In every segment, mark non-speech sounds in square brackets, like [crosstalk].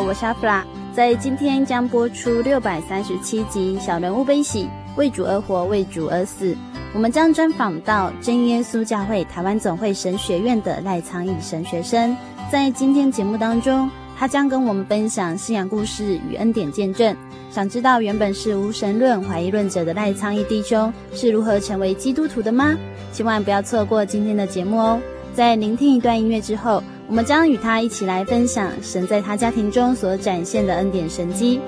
我是阿弗拉，在今天將播出六百三十七集《小人物悲喜》，為主而活，為主而死。我們將專訪到真耶穌教會台灣總會神學院的賴倉億神學生，在今天節目當中，他將跟我們分享信仰故事與恩典見證。想知道原本是無神論懷疑論者的賴倉億弟兄是如何成為基督徒的嗎？千萬不要錯過今天的節目哦！在聆聽一段音樂之後。我們將與他一起來分享神在他家庭中所展現的恩典神蹟。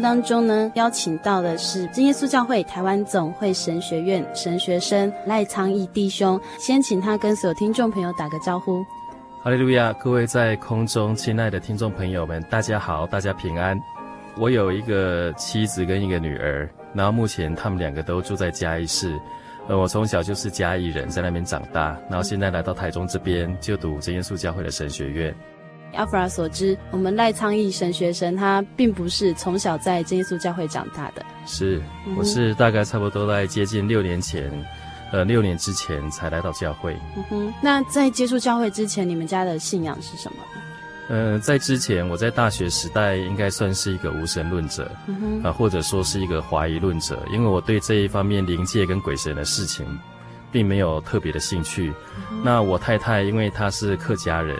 當中呢，邀請到的是真耶穌教會台灣總會神學院神學生賴倉億弟兄，先請他跟所有聽眾朋友打個招呼。哈利路亞，各位在空中親愛的聽眾朋友們，大家好，大家平安。我有一個妻子跟一個女兒，然後目前他們兩個都住在嘉義市。呃，我從小就是嘉義人，在那邊長大，然後現在來到台中這邊就讀真耶穌教會的神學院。阿弗拉所知，我們賴倉億神學生他並不是從小在基督教會長大的。是，我是大概差不多在接近六年前，呃，六年之前才來到教會。嗯哼，那在接觸教會之前，你們家的信仰是什麼？嗯、呃，在之前我在大學時代應該算是一個無神論者，啊、嗯呃，或者說是一個懷疑論者，因為我對這一方面靈界跟鬼神的事情，並沒有特別的興趣、嗯。那我太太因為她是客家人。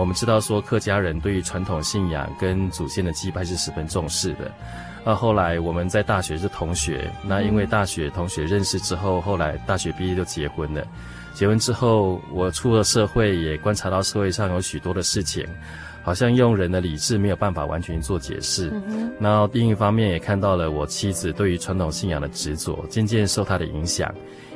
我們知道說客家人對於傳統信仰跟祖先的祭拜是十分重視的。那後來我們在大學是同學，那因為大學同學認識之後，後來大學畢業就結婚了。結婚之後，我出了社會，也觀察到社會上有許多的事情，好像用人的理智沒有辦法完全做解釋。那另一方面也看到了我妻子對於傳統信仰的執着，漸漸受她的影響。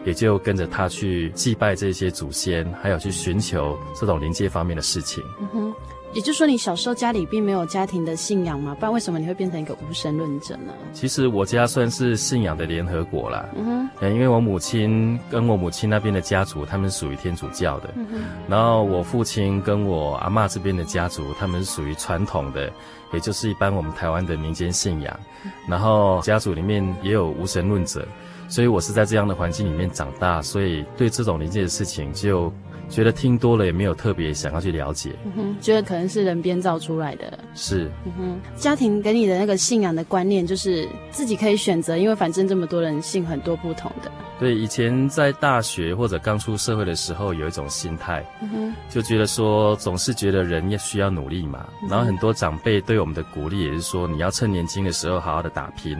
也就跟着他去祭拜這些祖先，還有去尋求這種靈界方面的事情。嗯哼，也就是說，你小時候家裡並沒有家庭的信仰嗎？不然為什麼你會變成一個無神論者呢？其實我家算是信仰的聯合國啦。嗯哼，因為我母親跟我母親那邊的家族，他們屬於天主教的。嗯哼，然後我父親跟我阿嬤這邊的家族，他們屬於傳統的，也就是一般我們台灣的民間信仰。嗯，然後家族裡面也有無神論者。所以我是在這樣的環境裡面長大，所以對這種靈界的事情就覺得聽多了也沒有特別想要去了解。嗯哼，覺得可能是人編造出來的。是。嗯哼，家庭給你的那個信仰的觀念就是自己可以選擇，因為反正這麼多人信很多不同的。對，以前在大學或者剛出社會的時候有一種心態，嗯哼，就覺得說總是覺得人也需要努力嘛，嗯哼、然後很多長輩對我們的鼓勵也是說你要趁年輕的時候好好的打拼。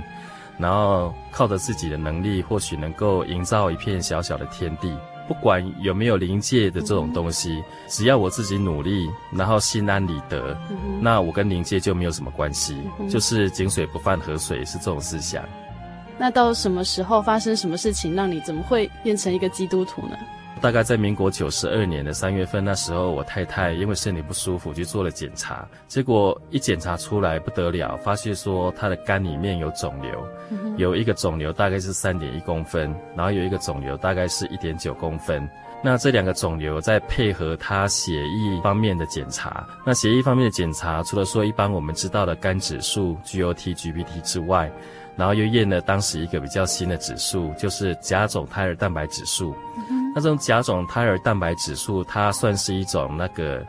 然後靠着自己的能力，或許能夠營造一片小小的天地。不管有沒有靈界的這種東西，嗯、只要我自己努力，然後心安理得，嗯、那我跟靈界就沒有什麼關係，嗯、就是井水不犯河水，是這種思想、嗯。那到什麼時候發生什麼事情，讓你怎麼會變成一個基督徒呢？大概在民國九十二年的三月份，那時候我太太因為身體不舒服去做了檢查，結果一檢查出來不得了，發現說她的肝裡面有腫瘤，有一個腫瘤大概是三點一公分，然後有一個腫瘤大概是一點九公分。那這兩個腫瘤再配合她血液方面的檢查，那血液方面的檢查除了說一般我們知道的肝指數、GOT、GPT 之外，然後又驗了當時一個比較新的指數，就是甲種胎兒蛋白指數。那這種甲種胎兒蛋白指數，它算是一種那個，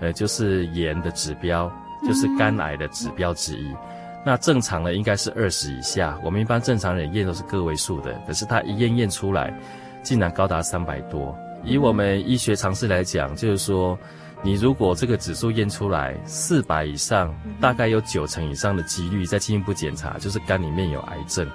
呃，就是癌的指標，就是肝癌的指標之一。嗯、那正常的應該是二十以下，我們一般正常人驗都是個位數的，可是他一驗驗出來，竟然高達三百多。以我們醫學常識來講、嗯，就是說，你如果這個指數驗出來四百以上，大概有九成以上的幾率再進一步檢查，就是肝裡面有癌症。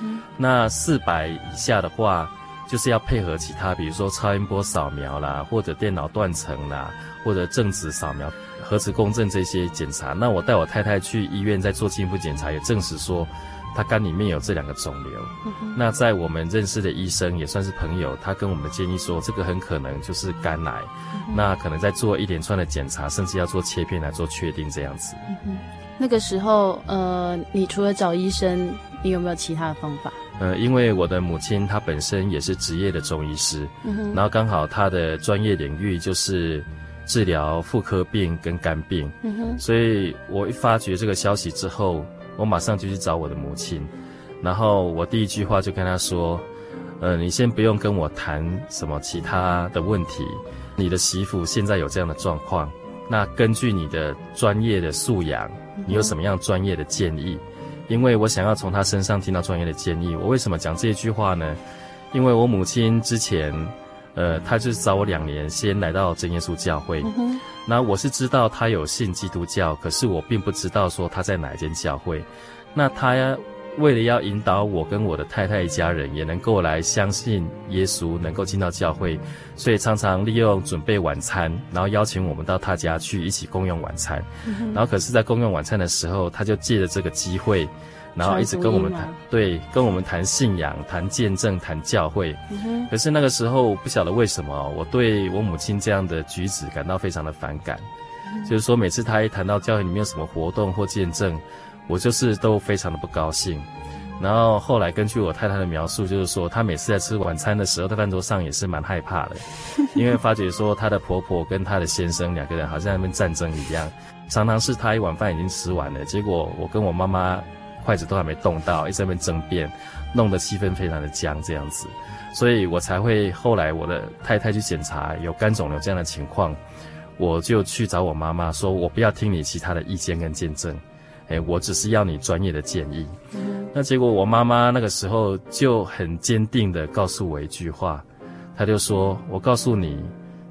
嗯、那四百以下的話。就是要配合其他，比如說超音波掃描啦，或者電腦斷層啦，或者正子掃描、核磁共振這些檢查。那我帶我太太去醫院再做進一步檢查，也證實說，她肝裡面有這兩個腫瘤。嗯哼。那在我們認識的醫生也算是朋友，他跟我們的建議說，這個很可能就是肝癌。嗯、那可能在做一連串的檢查，甚至要做切片來做確定這樣子。嗯哼。那個時候，呃，你除了找醫生，你有沒有其他的方法？呃，因為我的母親她本身也是職業的中醫師，嗯哼，然後剛好她的專業領域就是治療婦科病跟肝病，嗯哼，所以我一發覺這個消息之後，我馬上就去找我的母親，然後我第一句話就跟她說，呃，你先不用跟我談什麼其他的問題，你的媳婦現在有這樣的狀況，那根據你的專業的素養，你有什麼樣專業的建議？嗯因為我想要從他身上聽到專業的建議，我為什麼講這一句話呢？因為我母親之前，呃，她就是找我兩年，先來到真耶穌教會。那、嗯、我是知道她有信基督教，可是我並不知道說她在哪一間教會。那她呀。為了要引導我跟我的太太一家人也能夠來相信耶穌，能夠進到教會，所以常常利用準備晚餐，然後邀請我們到他家去一起共用晚餐。然後可是，在共用晚餐的時候，他就借着這個機會，然後一直跟我們談對，跟我們談信仰、談見證、談教會。可是那個時候，不曉得為什麼，我對我母親這樣的舉止感到非常的反感。就是說，每次他一談到教會裡面有什麼活動或見證。我就是都非常的不高興，然後後來根據我太太的描述，就是說，她每次在吃晚餐的時候，在飯桌上也是蠻害怕的，因為發覺說她的婆婆跟她的先生兩個人好像在那邊戰爭一樣，常常是她一碗飯已經吃完了，結果我跟我媽媽筷子都還沒動到，一直在那邊爭辯，弄得氣氛非常的僵這樣子，所以我才會後來我的太太去檢查有肝腫瘤這樣的情況，我就去找我媽媽說，我不要聽你其他的意見跟見證。誒、hey, 我只是要你專業的建議。嗯、那結果我媽媽那個時候就很堅定地告訴我一句話，她就說：“我告訴你，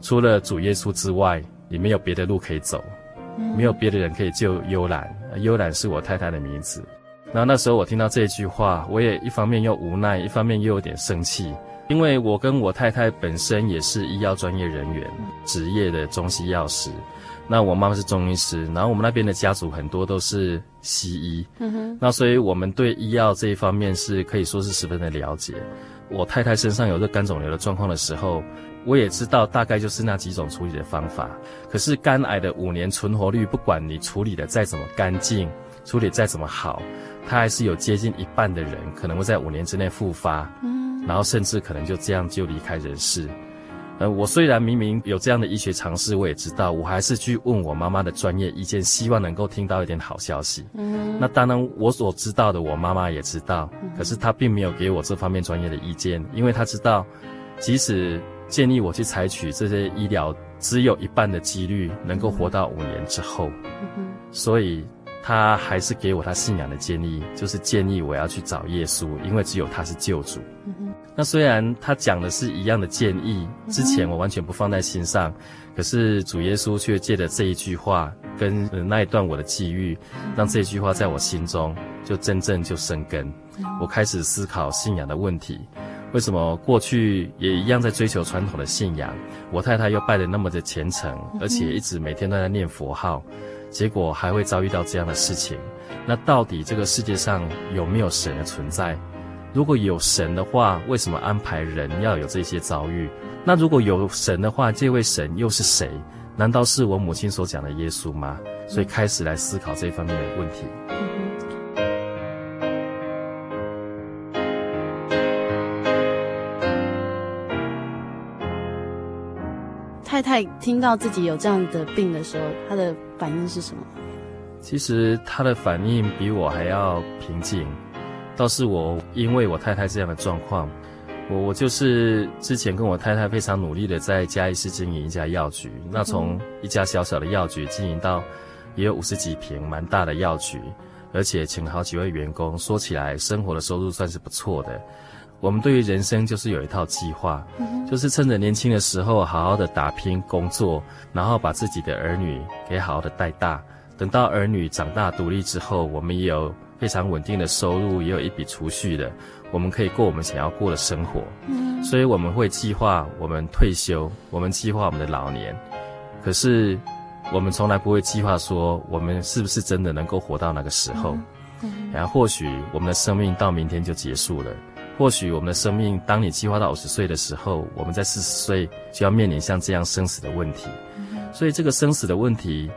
除了主耶穌之外，你沒有別的路可以走、嗯，沒有別的人可以救幽蘭。幽蘭是我太太的名字。”然後那時候我聽到這句話，我也一方面又無奈，一方面又有點生氣，因為我跟我太太本身也是醫藥專業人員，職業的中西藥師。那我媽媽是中醫師，然後我們那邊的家族很多都是西醫，嗯哼，那所以我們對醫藥這一方面是可以說是十分的了解。我太太身上有這肝腫瘤的狀況的時候，我也知道大概就是那幾種處理的方法。可是肝癌的五年存活率，不管你處理得再怎麼乾淨，處理得再怎麼好，它還是有接近一半的人可能會在五年之內復發，嗯，然後甚至可能就這樣就離開人世。呃，我雖然明明有這樣的醫學常識，我也知道，我還是去問我媽媽的專業意見，希望能夠聽到一點好消息。嗯、那當然，我所知道的，我媽媽也知道，可是她並沒有給我這方面專業的意見，因為她知道，即使建議我去採取這些醫療，只有一半的幾率能夠活到五年之後，嗯、所以。他還是給我他信仰的建議，就是建議我要去找耶穌，因為只有他是救主。嗯、那雖然他講的是一樣的建議，之前我完全不放在心上，嗯、可是主耶穌卻借着這一句話跟那一段我的際遇、嗯，讓這一句話在我心中就真正就生根、嗯。我開始思考信仰的問題，為什麼過去也一樣在追求傳統的信仰，我太太又拜得那麼的虔誠，而且一直每天都在念佛號。嗯結果還會遭遇到這樣的事情，那到底這個世界上有沒有神的存在？如果有神的話，為什麼安排人要有這些遭遇？那如果有神的話，這位神又是誰？難道是我母親所講的耶穌嗎？嗯、所以開始來思考這一方面的問題、嗯。太太聽到自己有這樣的病的時候，她的。反應是什麼？其實他的反應比我還要平靜，倒是我因為我太太這樣的狀況，我我就是之前跟我太太非常努力的在嘉義市經營一家藥局，那從一家小小的藥局經營到也有五十幾坪蠻大的藥局，而且請了好幾位員工，說起來生活的收入算是不錯的。我們對於人生就是有一套計劃，就是趁着年輕的時候好好的打拼工作，然後把自己的兒女給好好的帶大。等到兒女長大獨立之後，我們也有非常穩定的收入，也有一筆儲蓄的，我們可以過我們想要過的生活。所以我們會計劃我們退休，我們計劃我們的老年。可是我們從來不會計劃說我們是不是真的能夠活到那個時候，然後或許我們的生命到明天就結束了。或許我們的生命，當你計劃到五十歲的時候，我們在四十歲就要面臨像這樣生死的問題、嗯。所以這個生死的問題，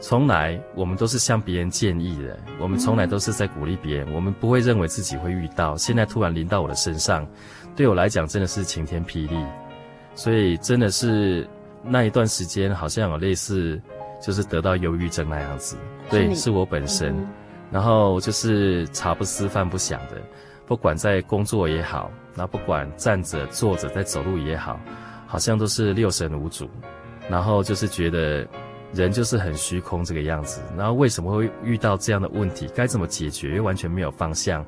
從來我們都是向別人建議的，我們從來都是在鼓勵別人、嗯，我們不會認為自己會遇到。現在突然臨到我的身上，對我來講真的是晴天霹靂。所以真的是那一段時間，好像有類似，就是得到憂鬱症那樣子。對，是我本身，嗯、然後就是茶不思飯不想的。不管在工作也好，然後不管站着坐着，在走路也好，好像都是六神無主，然後就是覺得人就是很虛空這個樣子。然後為什麼會遇到這樣的問題？該怎麼解決？又完全沒有方向。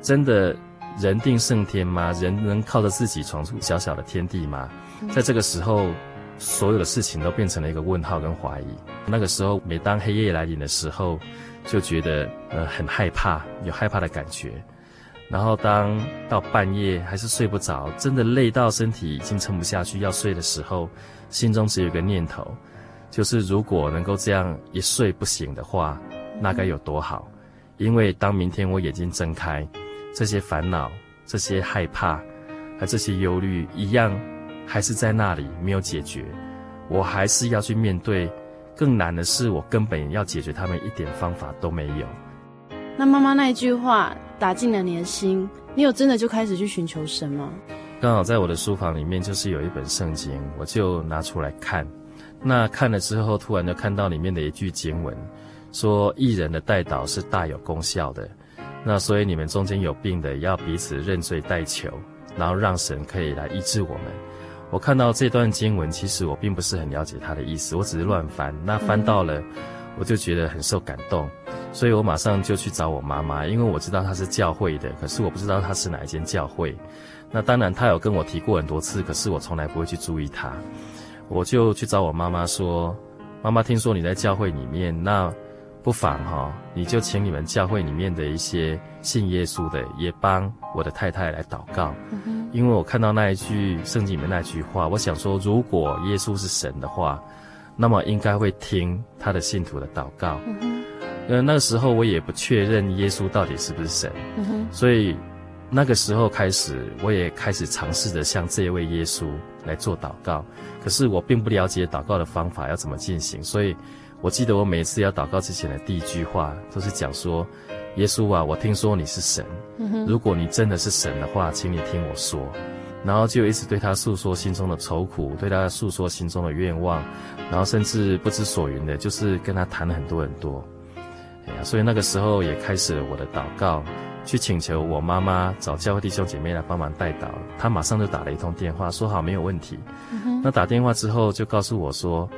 真的，人定勝天嗎？人能靠着自己闖出小小的天地嗎？在這個時候，所有的事情都變成了一個問號跟懷疑。那個時候，每當黑夜來臨的時候，就覺得呃很害怕，有害怕的感覺。然後，當到半夜還是睡不着，真的累到身體已經撐不下去要睡的時候，心中只有一個念頭，就是如果能夠這樣一睡不醒的話，那該有多好。因為當明天我眼睛睜開，這些煩惱、這些害怕和這些憂慮一樣，還是在那裡沒有解決，我還是要去面對。更難的是，我根本要解決他們一點方法都沒有。那媽媽那一句話打進了你的心，你有真的就開始去尋求神嗎？剛好在我的書房裡面就是有一本聖經，我就拿出來看。那看了之後，突然就看到裡面的一句經文，說義人的代禱是大有功效的。那所以你們中間有病的要彼此認罪代求，然後讓神可以來醫治我們。我看到這段經文，其實我並不是很了解他的意思，我只是亂翻。那翻到了，嗯、我就覺得很受感動。所以我馬上就去找我媽媽，因為我知道她是教會的，可是我不知道她是哪一間教會。那當然她有跟我提過很多次，可是我從來不會去注意她。我就去找我媽媽說：“媽媽，聽說你在教會裡面，那不妨哈、哦，你就請你們教會裡面的一些信耶穌的，也幫我的太太來禱告，嗯、因為我看到那一句聖經裡面那一句話，我想說，如果耶穌是神的話，那麼應該會聽他的信徒的禱告。嗯”呃，那個時候我也不確認耶穌到底是不是神，嗯哼，所以那個時候開始，我也開始嘗試着向這位耶穌來做禱告。可是我並不了解禱告的方法要怎麼進行，所以我記得我每次要禱告之前的第一句話都、就是講說：“耶穌啊，我聽說你是神，如果你真的是神的話，請你聽我說。”嗯哼，然後就一直對他訴說心中的愁苦，對他訴說心中的願望，然後甚至不知所云的，就是跟他談了很多很多。啊、所以那個時候也開始了我的禱告，去請求我媽媽找教會弟兄姐妹來幫忙代禱。她馬上就打了一通電話，說好沒有問題、嗯。那打電話之後就告訴我說，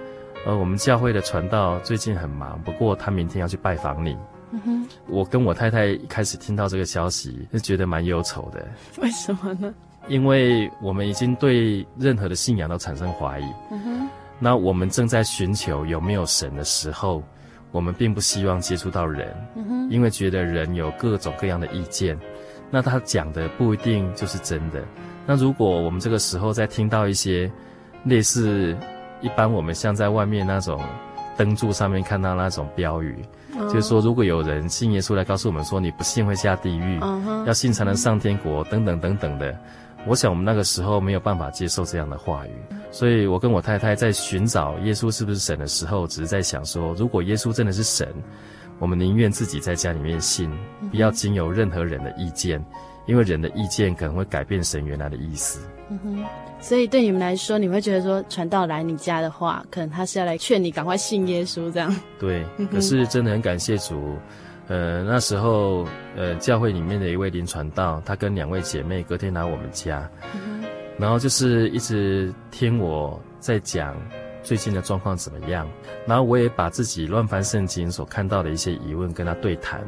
呃，我們教會的傳道最近很忙，不過他明天要去拜訪你。嗯、我跟我太太一開始聽到這個消息，就覺得蠻憂愁的。為什麼呢？因為我們已經對任何的信仰都產生懷疑。嗯、那我們正在尋求有沒有神的時候。我們並不希望接觸到人，嗯，因為覺得人有各種各樣的意見，那他講的不一定就是真的。那如果我們這個時候再聽到一些，類似，一般我們像在外面那種燈柱上面看到那種標語，嗯，就是說如果有人信耶穌來告訴我們說你不信會下地獄，嗯，要信才能上天國等等等等的。我想我們那個時候沒有辦法接受這樣的話語，所以我跟我太太在尋找耶穌是不是神的時候，只是在想說，如果耶穌真的是神，我們寧願自己在家裡面信，不要經由任何人的意見，因為人的意見可能會改變神原來的意思。嗯哼。所以對你們來說，你會覺得說傳道來你家的話，可能他是要來勸你趕快信耶穌這樣。對。可是真的很感謝主，呃，那時候。呃，教會裡面的一位林傳道，他跟兩位姐妹隔天來我們家。嗯，然後就是一直聽我在講最近的狀況怎麼樣，然後我也把自己亂翻聖經所看到的一些疑問跟他對談，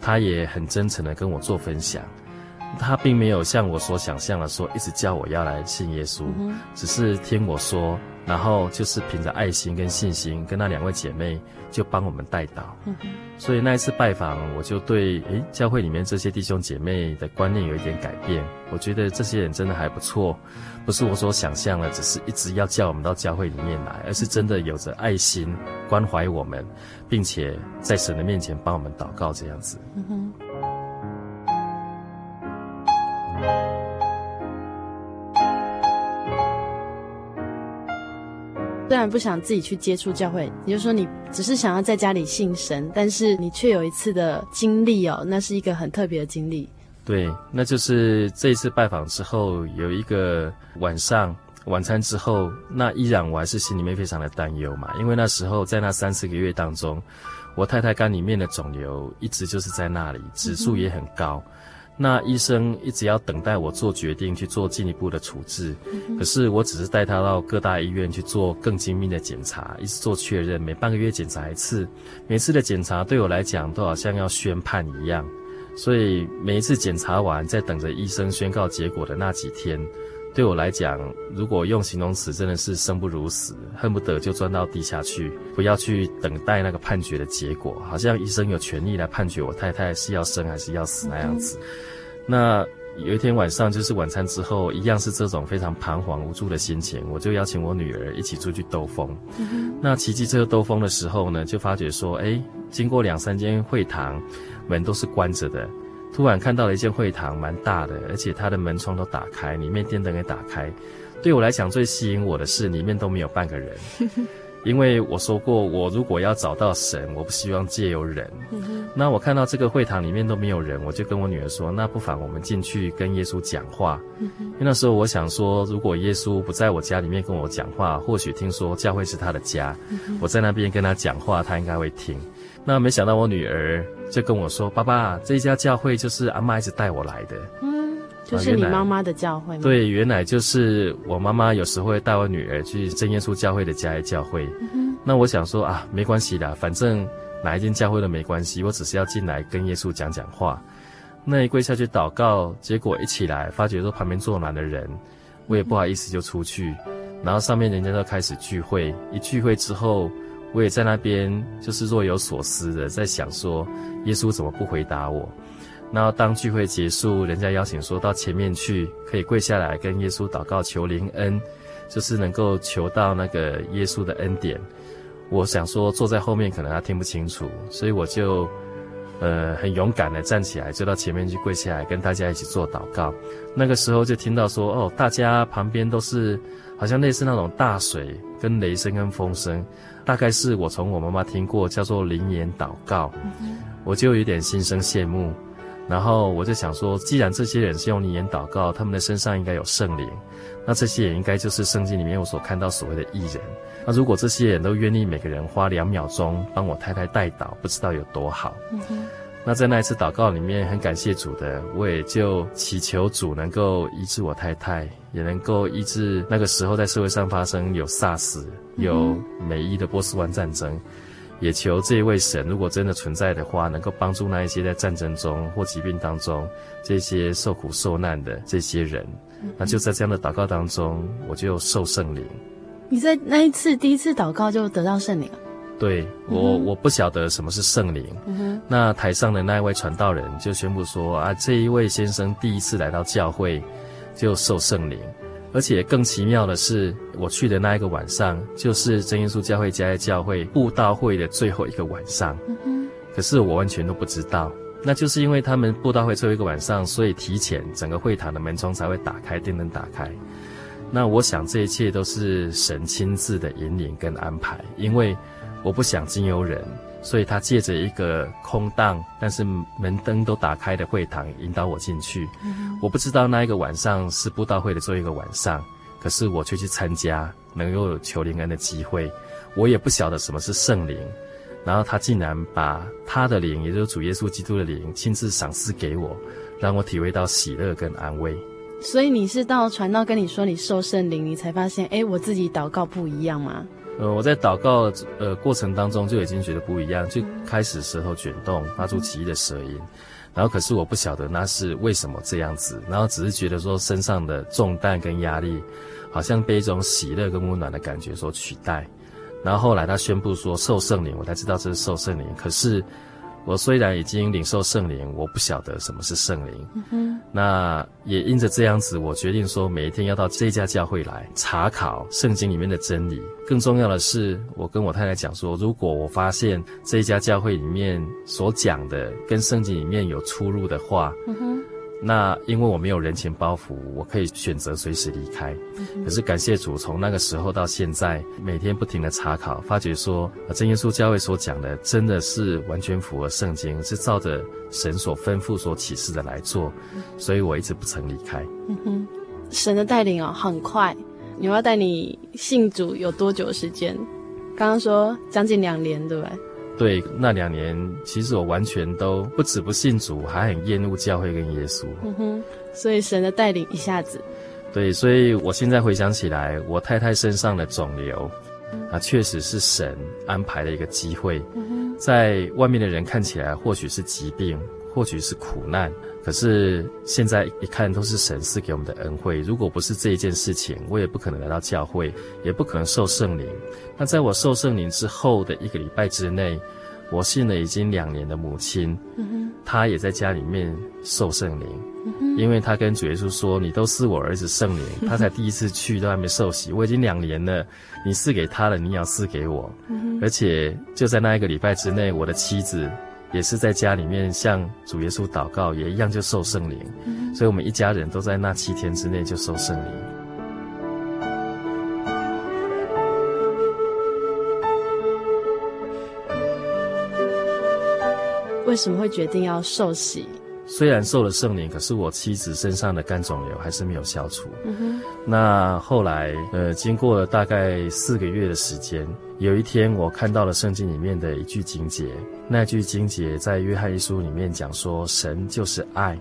他也很真誠的跟我做分享。他並沒有像我所想象的說，一直叫我要來信耶穌、嗯，只是聽我說，然後就是憑着愛心跟信心，跟那兩位姐妹就幫我們代禱。嗯、所以那一次拜訪，我就對誒教會裡面這些弟兄姐妹的觀念有一點改變。我覺得這些人真的還不錯，不是我所想象的，只是一直要叫我們到教會裡面來，而是真的有着愛心關懷我們，並且在神的面前幫我們禱告這樣子。嗯雖然不想自己去接觸教會，也就是說你只是想要在家裡信神，但是你卻有一次的經歷哦，那是一個很特別的經歷。對，那就是這一次拜訪之後，有一個晚上晚餐之後，那依然我還是心裡面非常的擔憂嘛，因為那時候在那三四個月當中，我太太肝裡面的腫瘤一直就是在那裡，指數也很高。嗯那醫生一直要等待我做決定去做進一步的處置，嗯、可是我只是帶他到各大醫院去做更精密的檢查，一直做確認，每半個月檢查一次，每次的檢查對我來講都好像要宣判一樣，所以每一次檢查完，在等着醫生宣告結果的那幾天。對我來講，如果用形容詞，真的是生不如死，恨不得就鑽到地下去，不要去等待那個判決的結果，好像醫生有權利來判決我太太是要生還是要死那樣子。嗯、那有一天晚上，就是晚餐之後，一樣是這種非常彷徨無助的心情，我就邀請我女兒一起出去兜風。嗯、那騎機車兜風的時候呢，就發覺說，哎，經過兩三間會堂，門都是關着的。突然看到了一間會堂，蠻大的，而且它的門窗都打開，裡面電燈也打開。對我來講，最吸引我的是裡面都沒有半個人。因為我說過，我如果要找到神，我不希望借由人。那我看到這個會堂裡面都沒有人，我就跟我女兒說，那不妨我們進去跟耶穌講話。因為那時候我想說，如果耶穌不在我家裡面跟我講話，或許聽說教會是他的家，我在那邊跟他講話，他應該會聽。那沒想到我女兒就跟我說：“爸爸，這家教會就是阿嬤一直帶我來的，嗯，就是你媽媽的教會嗎、啊？對，原來就是我媽媽有時候帶我女兒去真耶穌教會的家來教會、嗯。那我想說啊，沒關係的，反正哪一間教會都沒關係，我只是要進來跟耶穌講講話。那一跪下去禱告，結果一起來發覺說旁邊坐滿了人，我也不好意思就出去、嗯，然後上面人家都開始聚會，一聚會之後。”我也在那邊，就是若有所思的在想說，耶穌怎麼不回答我？然後當聚會結束，人家邀請說到前面去，可以跪下來跟耶穌禱告，求靈恩，就是能夠求到那個耶穌的恩典。我想說坐在後面可能他聽不清楚，所以我就，呃，很勇敢的站起來，就到前面去跪下來，跟大家一起做禱告。那個時候就聽到說，哦，大家旁邊都是好像類似那種大水、跟雷聲、跟風聲。大概是我從我媽媽聽過叫做靈言禱告，嗯，我就有點心生羨慕，然後我就想說，既然這些人是用靈言禱告，他們的身上應該有聖靈，那這些人應該就是聖經裡面我所看到所謂的義人。那如果這些人都願意每個人花兩秒鐘幫我太太代禱，不知道有多好。嗯那在那一次禱告裡面，很感謝主的，我也就祈求主能夠醫治我太太，也能夠醫治那個時候在社會上發生有 SARS，有美伊的波斯灣戰爭，嗯，也求這一位神如果真的存在的話，能夠幫助那一些在戰爭中或疾病當中這些受苦受難的這些人。嗯嗯，那就在這樣的禱告當中，我就受聖靈。你在那一次第一次禱告就得到聖靈？對我、嗯，我不曉得什麼是聖靈、嗯。那台上的那一位傳道人就宣布說：“啊，這一位先生第一次來到教會，就受聖靈。”而且更奇妙的是，我去的那一個晚上，就是真耶穌教會嘉義教會布道會的最後一個晚上、嗯。可是我完全都不知道，那就是因為他們布道會最後一個晚上，所以提前整個會堂的門窗才會打開，電燈打開。那我想這一切都是神親自的引領跟安排，因為。我不想經由人，所以他借着一個空蕩，但是門燈都打開的會堂，引導我進去。嗯、我不知道那一個晚上是布道會的最後一個晚上，可是我卻去參加，能夠求靈恩的機會。我也不曉得什麼是聖靈，然後他竟然把他的靈，也就是主耶穌基督的靈，親自賞賜給我，讓我體會到喜樂跟安慰。所以你是到傳道跟你說你受聖靈，你才發現，哎，我自己禱告不一樣嗎？呃，我在禱告的呃過程當中就已經覺得不一樣，就開始舌頭捲動，發出奇異的舌音，然後可是我不曉得那是為什麼這樣子，然後只是覺得說身上的重擔跟壓力，好像被一種喜樂跟溫暖的感覺所取代，然後後來他宣布說受聖靈，我才知道這是受聖靈，可是。我雖然已經領受聖靈，我不曉得什麼是聖靈。嗯、那也因着這樣子，我決定說，每一天要到這一家教會來查考聖經裡面的真理。更重要的是，我跟我太太講說，如果我發現這一家教會裡面所講的跟聖經裡面有出入的話，嗯那因為我沒有人情包袱，我可以選擇隨時離開。嗯、可是感謝主，從那個時候到現在，每天不停的查考、發覺說啊，真耶穌教會所講的真的是完全符合聖經，是照着神所吩咐、所啟示的來做、嗯，所以我一直不曾離開。嗯哼，神的帶領哦，很快，你要，要帶你信主有多久時間？剛剛說將近兩年，對吧？對，那兩年其實我完全都不止，不信主，還很厭惡教會跟耶穌。嗯哼，所以神的帶領一下子。對，所以我現在回想起來，我太太身上的腫瘤，啊，確實是神安排的一個機會。嗯哼。在外面的人看起來，或許是疾病，或許是苦難。可是現在一看，都是神賜給我們的恩惠。如果不是這一件事情，我也不可能來到教會，也不可能受聖靈。那在我受聖靈之後的一個禮拜之內，我信了已經兩年的母親，嗯、她也在家裡面受聖靈、嗯，因為她跟主耶穌說：“你都是我兒子聖靈。嗯”她才第一次去，都還沒受洗。我已經兩年了，你賜給她了，你要賜給我。嗯、而且就在那一個禮拜之內，我的妻子。也是在家裡面向主耶穌禱告，也一樣就受聖靈、嗯，所以我們一家人都在那七天之內就受聖靈。為什麼會決定要受洗？雖然受了聖靈，可是我妻子身上的肝腫瘤還是沒有消除、嗯。那後來，呃，經過了大概四個月的時間。有一天，我看到了聖經裡面的一句經節，那句經節在約翰一書裡面講說，神就是愛，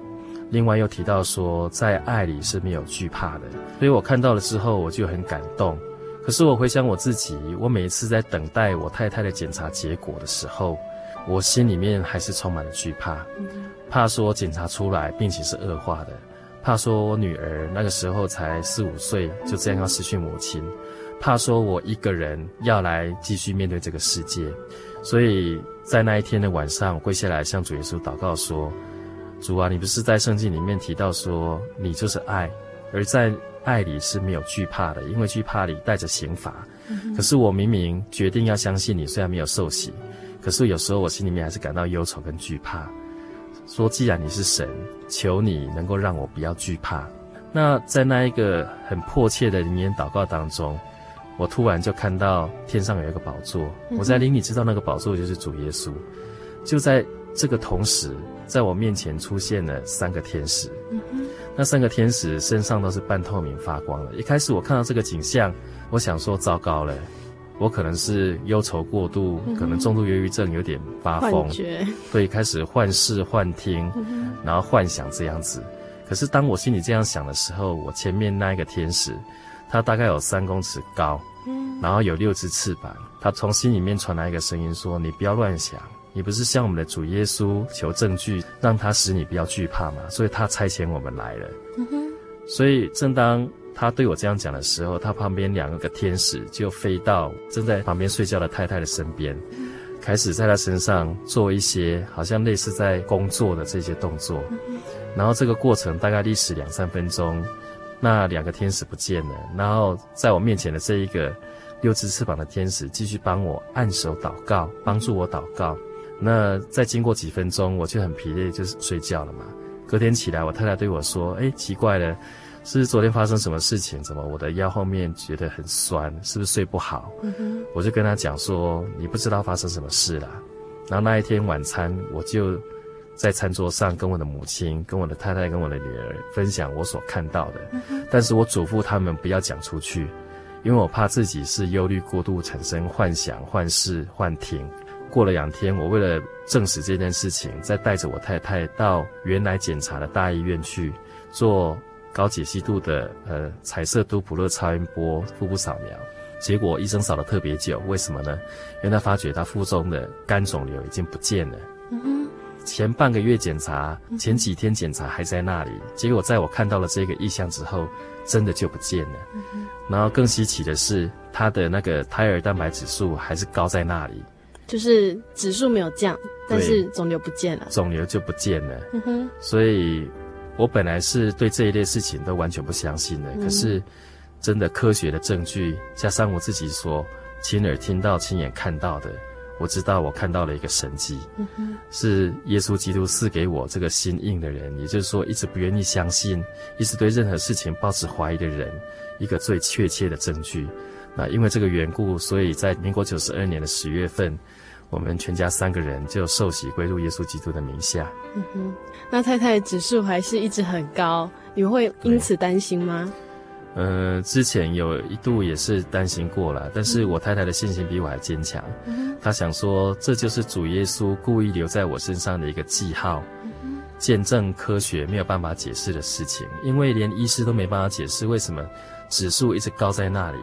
另外又提到說，在愛裡是沒有懼怕的。所以我看到了之後，我就很感動。可是我回想我自己，我每一次在等待我太太的檢查結果的時候，我心裡面還是充滿了懼怕，怕說檢查出來病情是惡化的，怕說我女兒那個時候才四五歲，就這樣要失去母親。怕說我一個人要來繼續面對這個世界，所以在那一天的晚上，我跪下來向主耶穌禱告說：“主啊，你不是在聖經裡面提到說你就是愛，而在愛裡是沒有懼怕的，因為懼怕裡帶着刑罰。嗯、可是我明明決定要相信你，雖然沒有受洗，可是有時候我心裡面還是感到憂愁跟懼怕。說既然你是神，求你能夠讓我不要懼怕。那在那一個很迫切的靈言禱告當中。”我突然就看到天上有一個寶座，嗯、我在靈裡知道那個寶座就是主耶穌。就在這個同時，在我面前出現了三個天使、嗯，那三個天使身上都是半透明發光的。一開始我看到這個景象，我想說糟糕了，我可能是憂愁過度，嗯、可能重度憂鬱症有點發瘋，所以開始幻視、幻、嗯、聽，然後幻想這樣子。可是當我心裡這樣想的時候，我前面那一個天使。他大概有三公尺高，嗯，然後有六隻翅膀。他從心裡面傳來一個聲音說：“你不要亂想，你不是向我們的主耶穌求證據，讓他使你不要懼怕嗎？”所以他差遣我們來了。嗯、所以正當他對我這樣講的時候，他旁邊兩個天使就飛到正在旁邊睡覺的太太的身邊，嗯、開始在他身上做一些好像類似在工作的這些動作。嗯、然後這個過程大概歷時兩三分鐘。那兩個天使不見了，然後在我面前的這一個六隻翅膀的天使繼續幫我按手禱告，幫助我禱告。那再經過幾分鐘，我就很疲累，就是睡覺了嘛。隔天起來，我太太對我說：“誒，奇怪了，是不是昨天發生什麼事情？怎麼我的腰後面覺得很酸？是不是睡不好？”嗯哼，我就跟她講說：“你不知道發生什麼事了。”然後那一天晚餐我就。在餐桌上跟我的母親、跟我的太太、跟我的女兒分享我所看到的，但是我囑咐他們不要講出去，因為我怕自己是憂慮過度產生幻想、幻視、幻聽。過了兩天，我為了證實這件事情，再帶着我太太到原來檢查的大醫院去做高解析度的呃彩色多普勒超音波腹部掃描，結果醫生掃了特別久，為什麼呢？因為他發覺他腹中的肝腫瘤已經不見了。前半個月檢查，前幾天檢查還在那裡、嗯，結果在我看到了這個異象之後，真的就不見了。嗯、然後更稀奇的是，他的那個胎兒蛋白指數還是高在那裡，就是指數沒有降，但是腫瘤不見了，腫瘤就不見了。嗯哼，所以我本來是對這一類事情都完全不相信的，嗯，可是真的科學的證據加上我自己說親耳聽到、親眼看到的。我知道，我看到了一個神蹟，嗯哼，是耶穌基督賜給我這個心硬的人，也就是說，一直不願意相信，一直對任何事情抱持懷疑的人，一個最確切的證據。那因為這個緣故，所以在民國九十二年的十月份，我們全家三個人就受洗歸入耶穌基督的名下。嗯哼，那太太指數還是一直很高，你們會因此擔心嗎？呃，之前有一度也是擔心過了，但是我太太的信心比我還堅強、嗯。她想說，這就是主耶穌故意留在我身上的一個記號、嗯，見證科學沒有辦法解釋的事情，因為連醫師都沒辦法解釋，為什麼指數一直高在那裡，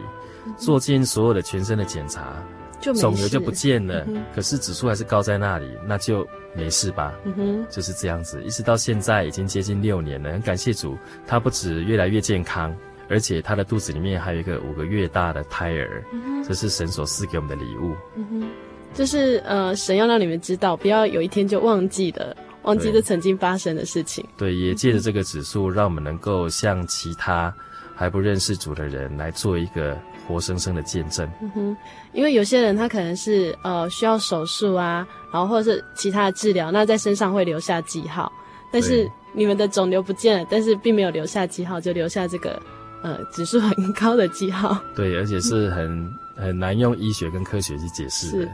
嗯、做盡所有的全身的檢查，腫瘤就不見了、嗯，可是指數還是高在那裡，那就沒事吧、嗯哼？就是這樣子，一直到現在已經接近六年了，很感謝主，他不止越來越健康。而且他的肚子裡面還有一個五個月大的胎兒，嗯哼，這是神所賜給我們的禮物。嗯哼，就是呃，神要讓你們知道，不要有一天就忘記了，忘記這曾經發生的事情。對，對也借着這個指數，嗯哼，讓我們能夠向其他還不認識主的人來做一個活生生的見證。嗯哼，因為有些人他可能是呃需要手術啊，然後或者是其他的治療，那在身上會留下記號。但是你們的腫瘤不見了，但是並沒有留下記號，就留下這個。呃，指數很高的記號，對，而且是很 [laughs] 很難用醫學跟科學去解釋的。是的，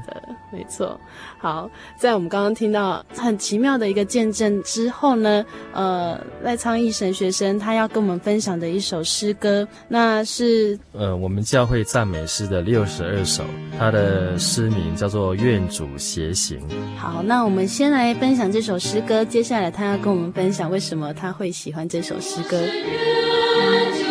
沒錯。好，在我們剛剛聽到很奇妙的一個見證之後呢，呃，賴倉億神學生他要跟我們分享的一首詩歌，那是呃我們教會讚美詩的六十二首，他的詩名叫做《願主偕行》嗯。好，那我們先來分享這首詩歌，接下來他要跟我們分享為什麼他會喜歡這首詩歌。嗯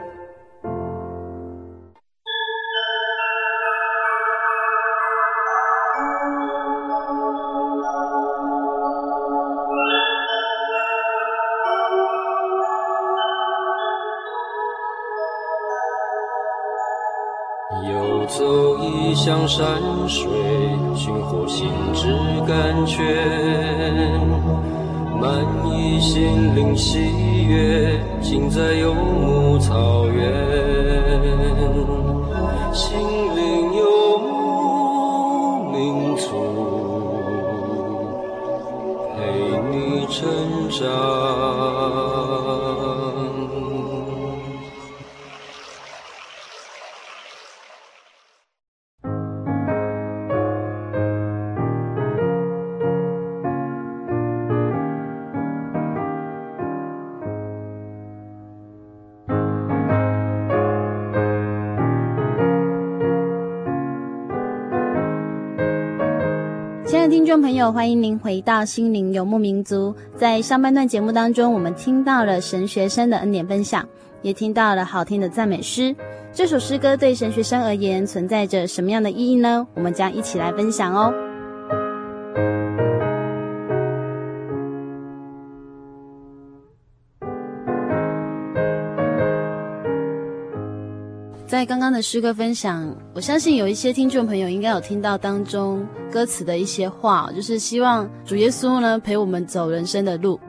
向山水尋獲心之甘泉，滿溢心靈喜悅，盡在遊牧草原。心靈遊牧民族，陪你成長。親愛的聽眾朋友，歡迎您回到心靈遊牧民族。在上半段節目當中，我們聽到了神學生的恩典分享，也聽到了好聽的讚美詩。這首詩歌對神學生而言存在着什麼樣的意義呢？我們將一起來分享哦。在剛剛的詩歌分享，我相信有一些聽眾朋友應該有聽到當中歌詞的一些話，就是希望主耶穌呢陪我們走人生的路。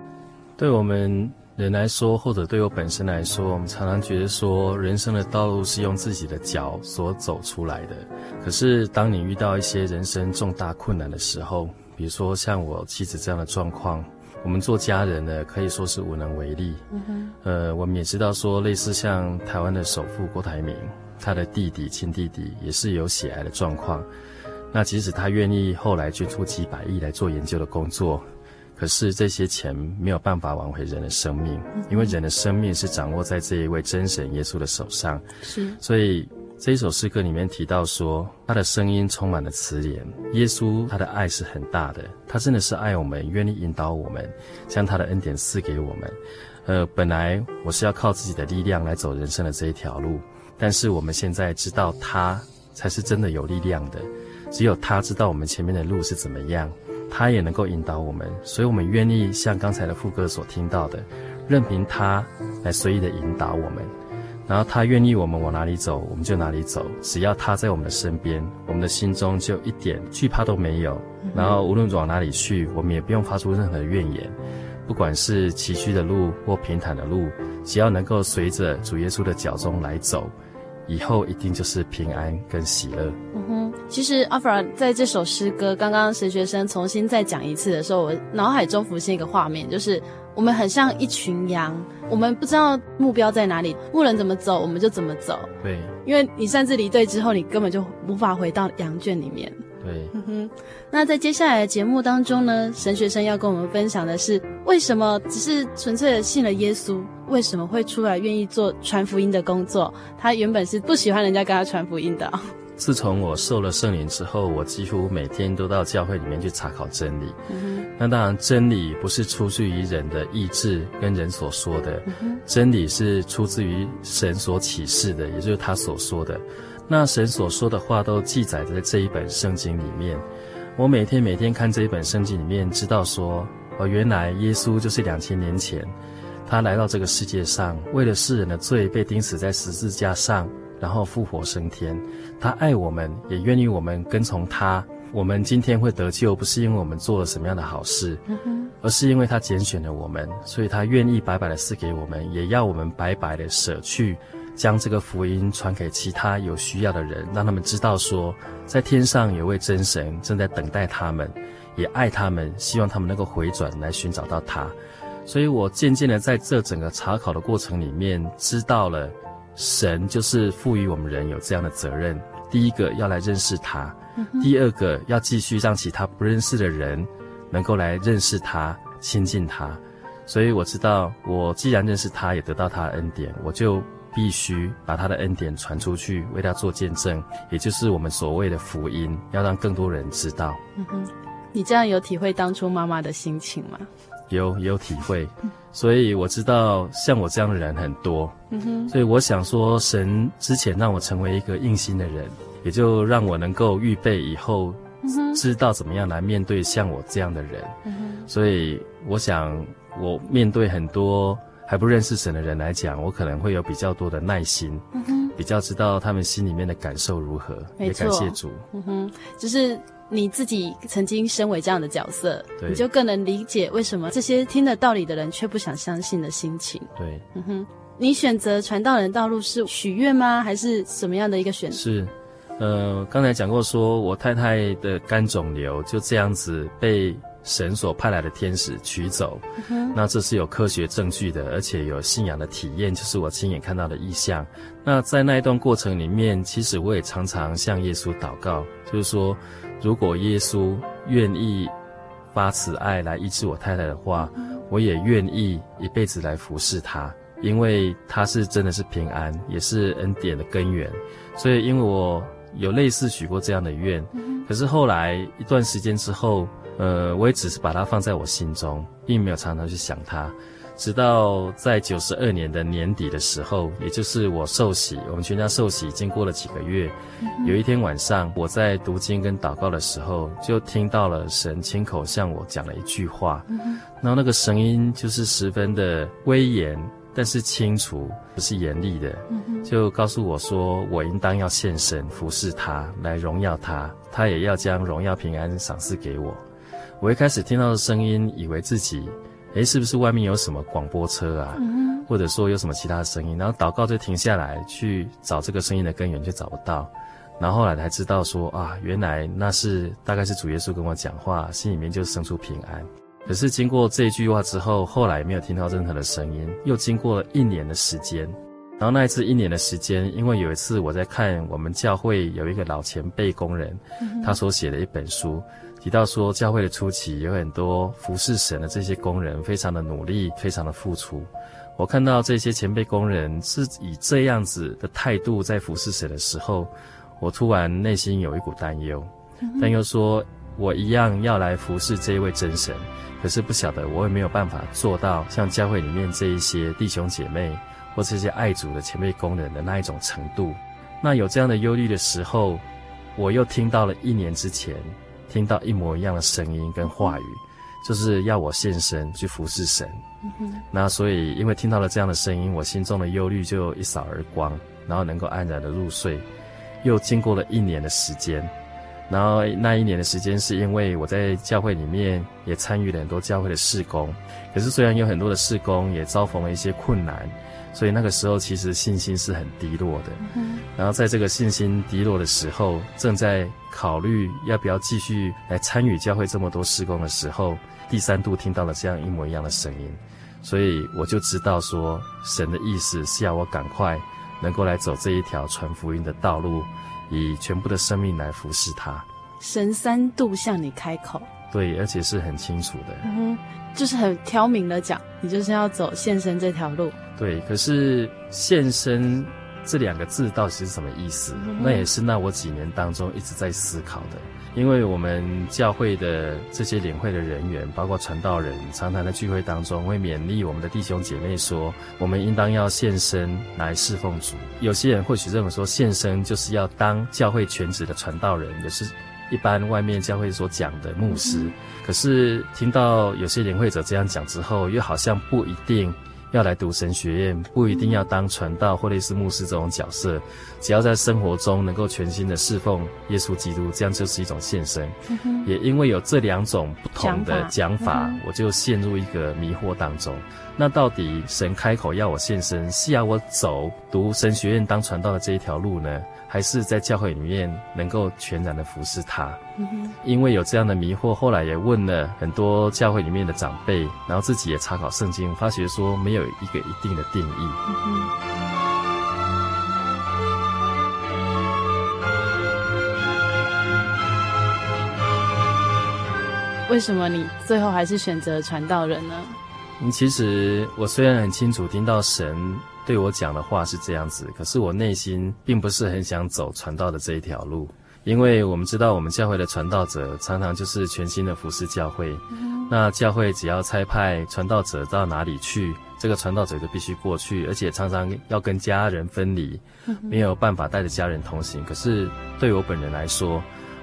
對我們人來說，或者對我本身來說，我們常常覺得說人生的道路是用自己的腳所走出來的。可是當你遇到一些人生重大困難的時候，比如說像我妻子這樣的狀況，我們做家人呢，可以說是無能為力。嗯哼，呃，我們也知道說類似像台灣的首富郭台銘，他的弟弟，親弟弟，也是有血癌的狀況。那即使他願意後來捐出幾百億來做研究的工作，可是這些錢沒有辦法挽回人的生命，因為人的生命是掌握在這一位真神耶穌的手上。是，所以這一首詩歌裡面提到說，他的聲音充滿了慈憐。耶穌他的愛是很大的，他真的是愛我們，願意引導我們，將他的恩典賜給我們。呃，本來我是要靠自己的力量來走人生的這一條路。但是我們現在知道，他才是真的有力量的，只有他知道我們前面的路是怎麼樣，他也能夠引導我們。所以，我們願意像剛才的副歌所聽到的，任憑他來隨意的引導我們。然後，他願意我們往哪裡走，我們就哪裡走。只要他在我們的身邊，我們的心中就一點懼怕都沒有。然後，無論往哪裡去，我們也不用發出任何的怨言。不管是崎嶇的路或平坦的路，只要能夠隨着主耶穌的腳蹤來走。以後一定就是平安跟喜樂。嗯哼，其實阿爾在這首詩歌剛剛神學生重新再講一次的時候，我腦海中浮現一個畫面，就是我們很像一群羊，我們不知道目標在哪裡，牧人怎麼走我們就怎麼走。對，因為你擅自離隊之後，你根本就無法回到羊圈裡面。對，嗯哼。那在接下來的節目當中呢，神學生要跟我們分享的是為什麼只是純粹的信了耶穌？為什麼會出來願意做傳福音的工作？他原本是不喜歡人家跟他傳福音的、哦。自從我受了聖靈之後，我幾乎每天都到教會裡面去查考真理。嗯、那當然，真理不是出自於人的意志跟人所說的、嗯，真理是出自於神所啟示的，也就是他所說的。那神所說的話都記載在這一本聖經裡面。我每天每天看這一本聖經裡面，知道說，哦，原來耶穌就是兩千年前。他來到這個世界上，為了世人的罪被釘死在十字架上，然後復活升天。他愛我們，也願意我們跟從他。我們今天會得救，不是因為我們做了什麼樣的好事、嗯，而是因為他揀選了我們，所以他願意白白的賜給我們，也要我們白白的捨去，將這個福音傳給其他有需要的人，讓他們知道說，在天上有位真神正在等待他們，也愛他們，希望他們能夠回轉來尋找到他。所以我漸漸的在這整個查考的過程裡面，知道了神就是賦予我們人有這樣的責任：第一個要來認識他，第二個要繼續讓其他不認識的人能夠來認識他、親近他。所以我知道，我既然認識他，也得到他的恩典，我就必須把他的恩典傳出去，為他做見證，也就是我們所謂的福音，要讓更多人知道。嗯哼，你這樣有體會當初媽媽的心情嗎？有有體會，所以我知道像我這樣的人很多，嗯、所以我想說，神之前讓我成為一個硬心的人，也就讓我能夠預備以後，知道怎麼樣來面對像我這樣的人。嗯、所以我想，我面對很多還不認識神的人來講，我可能會有比較多的耐心，嗯、比較知道他們心裡面的感受如何。沒錯。也感謝主。嗯、就是。你自己曾經身為這樣的角色，你就更能理解為什麼這些聽了道理的人卻不想相信的心情。對，嗯哼。你選擇傳道人道路是許願嗎？還是什麼樣的一個選擇？是，呃，剛才講過說，說我太太的肝腫瘤就這樣子被神所派來的天使取走，嗯，那這是有科學證據的，而且有信仰的體驗，就是我親眼看到的異象。那在那一段過程裡面，其實我也常常向耶穌禱告，就是說，如果耶穌願意發慈愛來醫治我太太的話，我也願意一輩子來服侍他，因為他是真的是平安，也是恩典的根源。所以，因為我有類似許過這樣的願，可是後來一段時間之後，呃，我也只是把他放在我心中，並沒有常常去想他。直到在九十二年的年底的時候，也就是我受洗。我們全家受洗已經過了幾個月，嗯。有一天晚上，我在讀經跟禱告的時候，就聽到了神親口向我講了一句話。嗯、然後那個聲音就是十分的威嚴，但是清楚，不是嚴厲的。就告訴我說，我應當要獻身服侍他，來榮耀他，他也要將榮耀平安賞賜給我。我一開始聽到的聲音，以為自己。誒，是不是外面有什麼廣播車啊、嗯？或者說有什麼其他的聲音？然後禱告就停下來去找這個聲音的根源，卻找不到。然後後來才知道說啊，原來那是大概是主耶穌跟我講話，心裡面就生出平安。可是經過這一句話之後，後來沒有聽到任何的聲音。又經過了一年的時間，然後那一次一年的時間，因為有一次我在看我們教會有一個老前輩工人，嗯、他所寫的一本書。提到說，教會的初期有很多服侍神的這些工人，非常的努力，非常的付出。我看到這些前輩工人是以這樣子的態度在服侍神的時候，我突然內心有一股擔憂，擔憂說，我一樣要來服侍這一位真神，可是不曉得我有沒有辦法做到像教會裡面這一些弟兄姐妹或這些愛主的前輩工人的那一種程度。那有這樣的憂慮的時候，我又聽到了一年之前，聽到一模一樣的聲音跟話語，就是要我獻身去服侍神。嗯。那所以，因為聽到了這樣的聲音，我心中的憂慮就一掃而光，然後能夠安然的入睡。又經過了一年的時間，然後那一年的時間是因為我在教會裡面也參與了很多教會的事工，可是雖然有很多的事工也遭逢了一些困難。所以那個時候其實信心是很低落的。嗯，然後在這個信心低落的時候，正在考慮要不要繼續來參與教會這麼多事工的時候，第三度聽到了這樣一模一樣的聲音，所以我就知道說神的意思是要我趕快能夠來走這一條傳福音的道路，以全部的生命來服侍他。神三度向你開口，對，而且是很清楚的。嗯哼。就是很挑明的講，你就是要走獻身這條路。對，可是“獻身”這兩個字到底是什麼意思？嗯嗯。那也是那我幾年當中一直在思考的。因為我們教會的這些領會的人員，包括傳道人，常常在聚會當中會勉勵我們的弟兄姐妹說，我們應當要獻身來侍奉主。有些人或許認為說，獻身就是要當教會全職的傳道人，可、就是。一般外面教會所講的牧師、嗯，可是聽到有些領會者這樣講之後，又好像不一定要來讀神學院，不一定要當傳道、嗯、或類似牧師這種角色，只要在生活中能夠全心的侍奉耶穌基督，這樣就是一種獻身、嗯。也因為有這兩種不同的講法，講法我就陷入一個迷惑當中。嗯、那到底神開口要我獻身，是要我走讀神學院當傳道的這一條路呢？還是在教會裡面能夠全然的服侍他，嗯，因為有這樣的迷惑，後來也問了很多教會裡面的長輩，然後自己也查考聖經，發覺說沒有一個一定的定義。嗯，為什麼你最後還是選擇傳道人呢？其實我雖然很清楚聽到神。對我講的話是這樣子，可是我內心並不是很想走傳道的這一條路，因為我們知道我們教會的傳道者常常就是全心的服事教會。那教會只要差派傳道者到哪裡去，這個傳道者就必須過去，而且常常要跟家人分離，沒有辦法帶着家人同行。可是對我本人來說，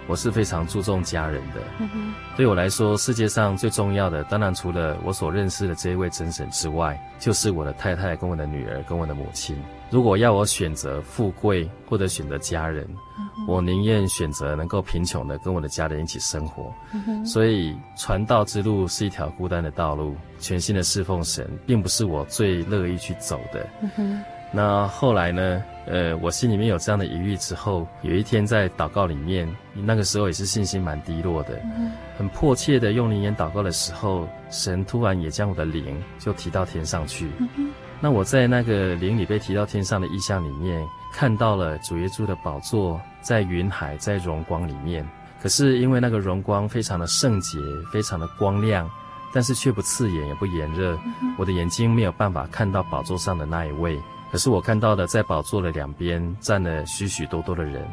我是非常注重家人的，嗯，對我來說,世界上最重要的，當然除了我所認識的這一位真神之外，就是我的太太、跟我的女兒、跟我的母親。如果要我選擇富貴，或者選擇家人，嗯，我寧願選擇能夠貧窮的，跟我的家人一起生活。嗯，所以，傳道之路是一條孤單的道路，全心的侍奉神，並不是我最樂意去走的。嗯那後來呢？呃，我心裡面有這樣的疑慮之後，有一天在禱告裡面，那個時候也是信心蠻低落的，嗯、很迫切的用靈言禱告的時候，神突然也將我的靈就提到天上去。嗯、那我在那個靈裡被提到天上的異象裡面，看到了主耶穌的寶座在雲海，在榮光裡面。可是因為那個榮光非常的聖潔，非常的光亮，但是卻不刺眼也不炎熱、嗯，我的眼睛沒有辦法看到寶座上的那一位。可是我看到的，在寶座的兩邊站了許許多多的人，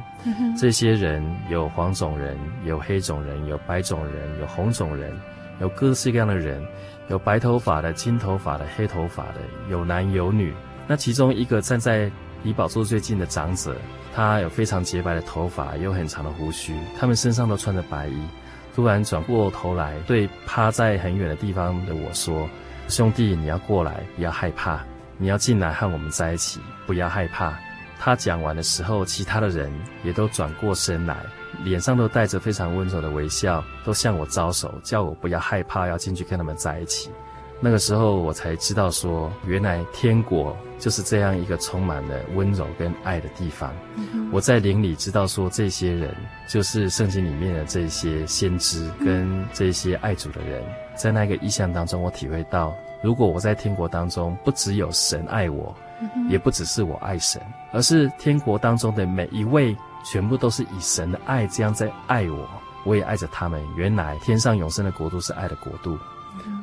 這些人有黃種人，有黑種人，有白種人，有紅種人，有各式各樣的人，有白頭髮的、金頭髮的、黑頭髮的，有男有女。那其中一個站在離寶座最近的長者，他有非常潔白的頭髮，有很長的鬍鬚，他們身上都穿着白衣。突然轉過頭來，對趴在很遠的地方的我說：“兄弟，你要過來，不要害怕。”你要進來和我們在一起，不要害怕。他講完的時候，其他的人也都轉過身來，臉上都帶着非常溫柔的微笑，都向我招手，叫我不要害怕，要進去跟他們在一起。那個時候我才知道說，原來天國就是這樣一個充滿了溫柔跟愛的地方。嗯、我在靈裡知道說，這些人就是聖經裡面的這些先知跟這些愛主的人。嗯、在那個異象當中，我體會到，如果我在天國當中，不只有神愛我，嗯，也不只是我愛神，而是天國當中的每一位，全部都是以神的愛這樣在愛我，我也愛着他們。原來天上永生的國度是愛的國度。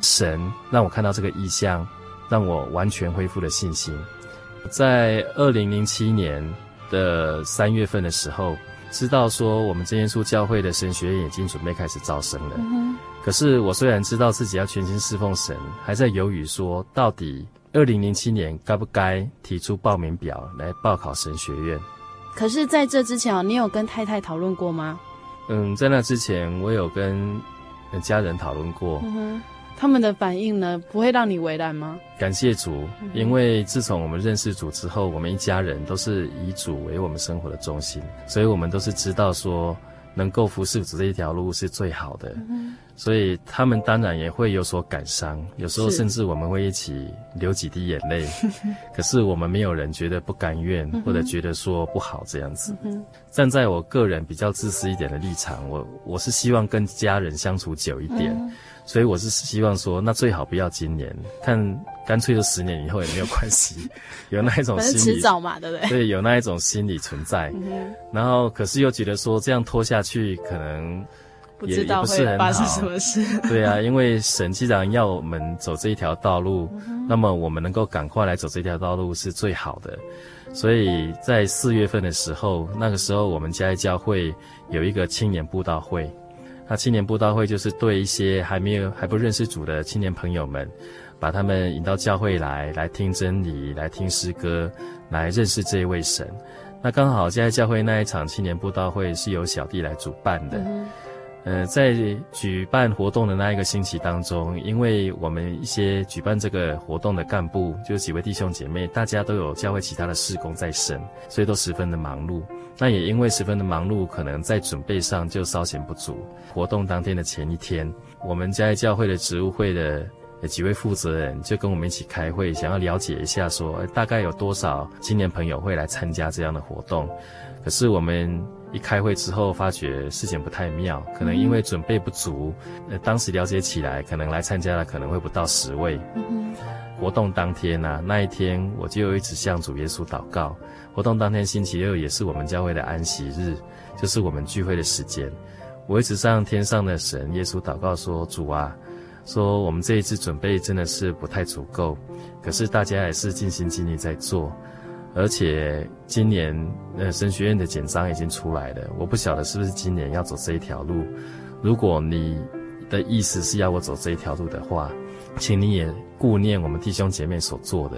神讓我看到這個異象，讓我完全恢復了信心。在二零零七年的三月份的時候，知道說我們真耶穌教會的神學院已經準備開始招生了、嗯。可是我雖然知道自己要全心侍奉神，還在猶豫說到底二零零七年該不該提出報名表來報考神學院。可是在這之前、哦、你有跟太太討論過嗎？嗯，在那之前我有跟家人討論過。嗯他們的反應呢？不會讓你為難嗎？感謝主，因為自從我們認識主之後，我們一家人都是以主為我們生活的中心，所以我們都是知道說，能夠服侍主這一條路是最好的。嗯，所以他們當然也會有所感傷，有時候甚至我們會一起流幾滴眼淚。可是我們沒有人覺得不甘願、嗯，或者覺得說不好這樣子。站、嗯、在我個人比較自私一點的立場，我我是希望跟家人相處久一點。嗯所以我是希望說，那最好不要今年，看，乾脆就十年以後也沒有關係， [laughs] 有那一種心理遲早嘛，對不對？對，有那一種心理存在。嗯、然後可是又覺得說，這樣拖下去可能也不知道會發生什麼事。對啊，因為神既然要我們走這一條道路，嗯，那麼我們能夠趕快來走這條道路是最好的。所以在四月份的時候，那個時候我們家教會有一個青年布道會。那青年佈道會就是對一些還沒有還不認識主的青年朋友們，把他們引到教會來，來聽真理，來聽詩歌，來認識這一位神。那剛好現在教會那一場青年佈道會是由小弟來主辦的。嗯。呃，在舉辦活動的那一個星期當中，因為我們一些舉辦這個活動的幹部，就幾位弟兄姐妹，大家都有教會其他的事工在身，所以都十分的忙碌。那也因為十分的忙碌，可能在準備上就稍顯不足。活動當天的前一天，我們家教會的職務會的幾位負責人就跟我們一起開會，想要了解一下說大概有多少青年朋友會來參加這樣的活動，可是我們。一開會之後，發覺事情不太妙，可能因為準備不足。呃，當時了解起來，可能來參加的可能會不到十位。活動當天呢，啊，那一天我就一直向主耶穌禱告。活動當天星期六也是我們教會的安息日，就是我們聚會的時間。我一直向天上的神耶穌禱告說，說主啊，說我們這一次準備真的是不太足夠，可是大家還是盡心盡力在做。而且今年，呃，神學院的簡章已經出來了。我不曉得是不是今年要走這一條路。如果你的意思是要我走這一條路的話，請你也顧念我們弟兄姐妹所做的。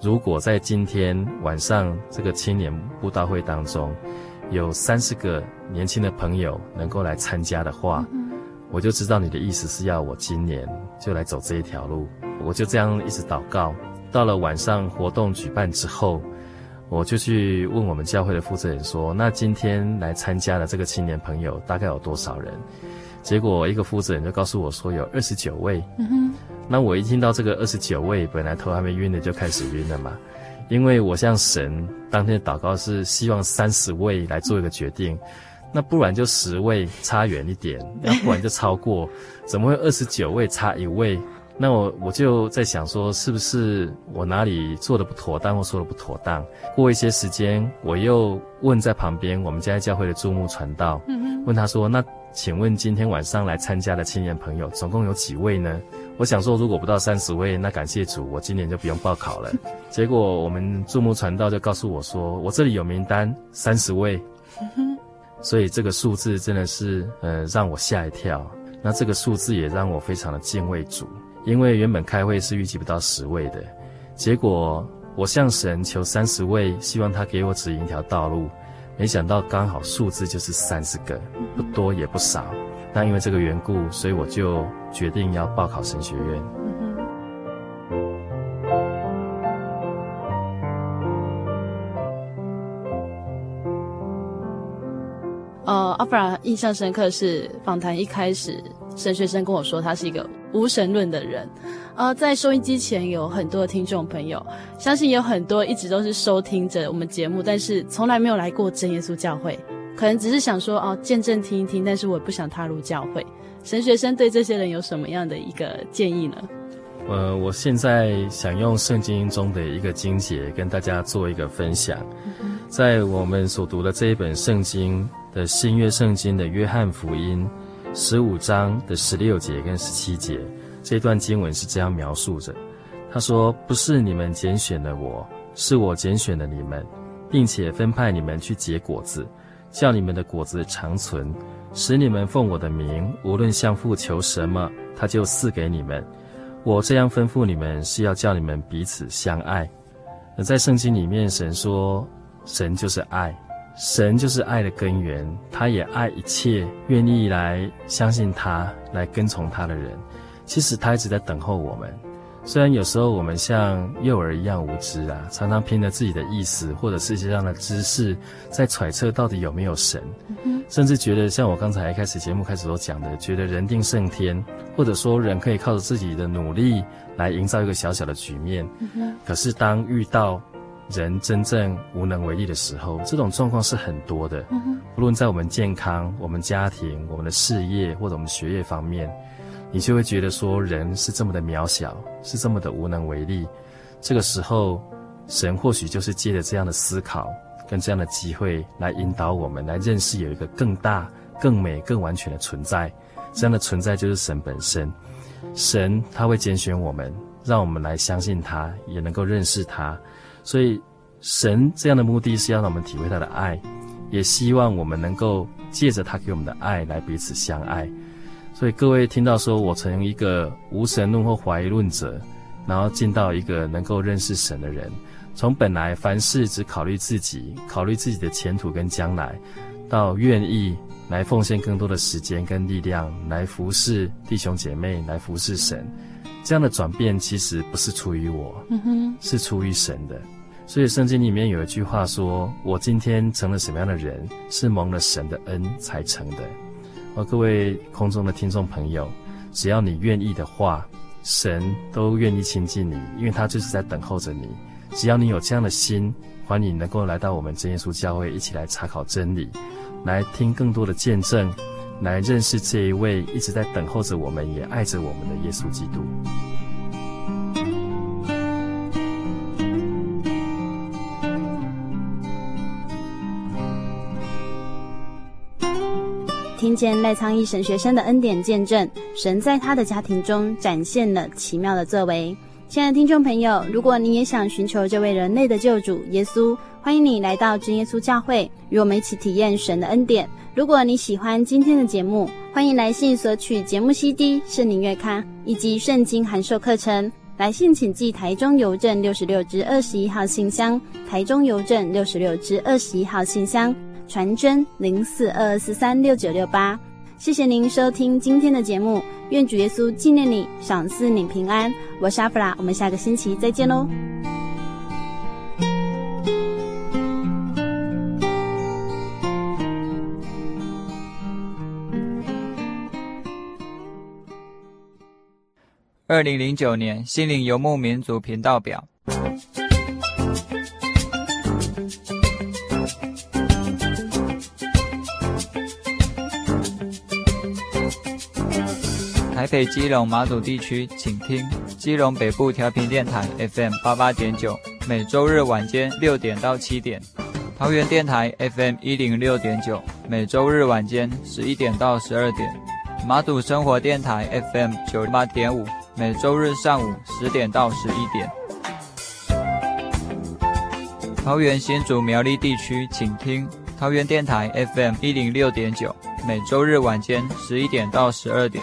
如果在今天晚上這個青年布道會當中，有三十個年輕的朋友能夠來參加的話，我就知道你的意思是要我今年就來走這一條路。我就這樣一直禱告，到了晚上活動舉辦之後。我就去問我們教會的負責人說：“那今天來參加的這個青年朋友大概有多少人？”結果一個負責人就告訴我說有二十九位，嗯。那我一聽到這個二十九位，本來頭還沒暈的就開始暈了嘛，因為我向神當天禱告是希望三十位來做一個決定，嗯、那不然就十位差遠一點，要不然就超過， [laughs] 怎麼會二十九位差一位？那我我就在想說，是不是我哪裡做的不妥當或說的不妥當？過一些時間，我又問在旁邊我們家教會的注目傳道，問他說：“那請問今天晚上來參加的青年朋友總共有幾位呢？”我想說，如果不到三十位，那感謝主，我今年就不用報考了。結果我們注目傳道就告訴我說：“我這裡有名單，三十位。”所以這個數字真的是呃讓我嚇一跳。那這個數字也讓我非常的敬畏主。因為原本開會是預計不到十位的，結果我向神求三十位，希望他給我指引一條道路，沒想到剛好數字就是三十個，不多也不少。但因為這個緣故，所以我就決定要報考神學院。呃、嗯，阿弗拉印象深刻是訪談一開始，神學生跟我說他是一個。無神論的人，呃，在收音機前有很多的聽眾朋友，相信也有很多一直都是收聽着我們節目，但是從來沒有來過真耶穌教會，可能只是想說哦，見證聽一聽，但是我也不想踏入教會。神學生對這些人有什麼樣的一個建議呢？呃，我現在想用聖經中的一個經節跟大家做一個分享，在我們所讀的這一本聖經的新約聖經的約翰福音，十五章的十六節跟十七節，這段經文是這樣描述着：他說，不是你們揀選了我，是我揀選了你們，並且分派你們去結果子，叫你們的果子長存，使你們奉我的名，無論向父求什麼，他就賜給你們。我這樣吩咐你們，是要叫你們彼此相愛。那在聖經裡面，神說，神就是愛。神就是愛的根源，他也愛一切願意來相信他、來跟從他的人。其實他一直在等候我們。雖然有時候我們像幼兒一樣無知啊，常常憑着自己的意思或者世界上的知識，在揣測到底有沒有神，嗯、甚至覺得像我剛才開始節目開始所講的，覺得人定勝天，或者說人可以靠着自己的努力來營造一個小小的局面。嗯、可是當遇到……人真正無能為力的時候，這種狀況是很多的。不論在我們健康、我們家庭、我們的事業或者我們學業方面，你就會覺得說，人是這麼的渺小，是這麼的無能為力。這個時候，神或許就是借着這樣的思考跟這樣的機會，來引導我們，來認識有一個更大、更美、更完全的存在。這樣的存在就是神本身。神他會揀選我們，讓我們來相信他，也能夠認識他。所以，神這樣的目的是要讓我們體會他的愛，也希望我們能夠借着他給我們的愛來彼此相愛。所以，各位聽到說，我從一個無神論或懷疑論者，然後進到一個能夠認識神的人，從本來凡事只考慮自己、考慮自己的前途跟將來，到願意來奉獻更多的時間跟力量，來服侍弟兄姐妹，來服侍神。這樣的轉變其實不是出於我，嗯哼，是出於神的。所以聖經裡面有一句話說：“我今天成了什麼樣的人，是蒙了神的恩才成的。”哦，各位空中的聽眾朋友，只要你願意的話，神都願意親近你，因為他就是在等候着你。只要你有這樣的心，歡迎你能夠來到我們真耶穌教會，一起來查考真理，來聽更多的見證。來認識這一位一直在等候着我們，也愛着我們的耶穌基督。聽見賴倉億神學生的恩典見證，神在他的家庭中展現了奇妙的作為。親愛的聽眾朋友，如果你也想尋求這位人類的救主耶穌，歡迎你來到真耶穌教會，與我們一起體驗神的恩典。如果你喜歡今天的節目，歡迎來信索取節目 CD、聖靈月刊以及聖經函授課程。來信請寄台中郵政六十六之二十一號信箱，台中郵政六十六之二十一號信箱，傳真零四二二四三六九六八。謝謝您收聽今天的節目，願主耶穌紀念你，賞賜你平安。我是阿弗拉，我們下個星期再見嘍。二零零九年，心靈遊牧民族頻道表。台北基隆馬祖地區，請聽基隆北部調頻電台 FM 八八點九，每周日晚間六點到七點；桃園電台 FM 一零六點九，每周日晚間十一點到十二點；馬祖生活電台 FM 九八點五，每周日上午十點到十一點。桃園新竹苗栗地區，請聽桃園電台 FM 一零六點九，每周日晚間十一點到十二點。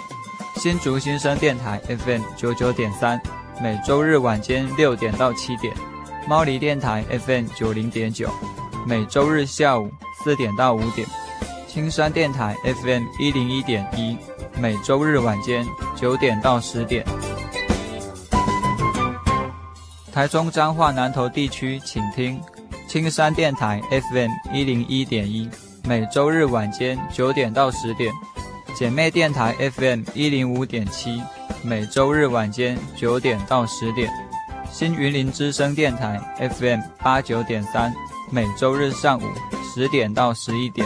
新竹新生電台 FM 九九點三，每周日晚間六點到七點；貓狸電台 FM 九零點九，每周日下午四點到五點；青山電台 FM 一零一點一，每周日晚間九點到十點。台中彰化南投地區，請聽青山電台 FM 一零一點一，每周日晚間九點到十點。姐妹電台 FM 一零五點七，每周日晚間九點到十點；新雲林之聲電台 FM 八九點三，每周日上午十點到十一點。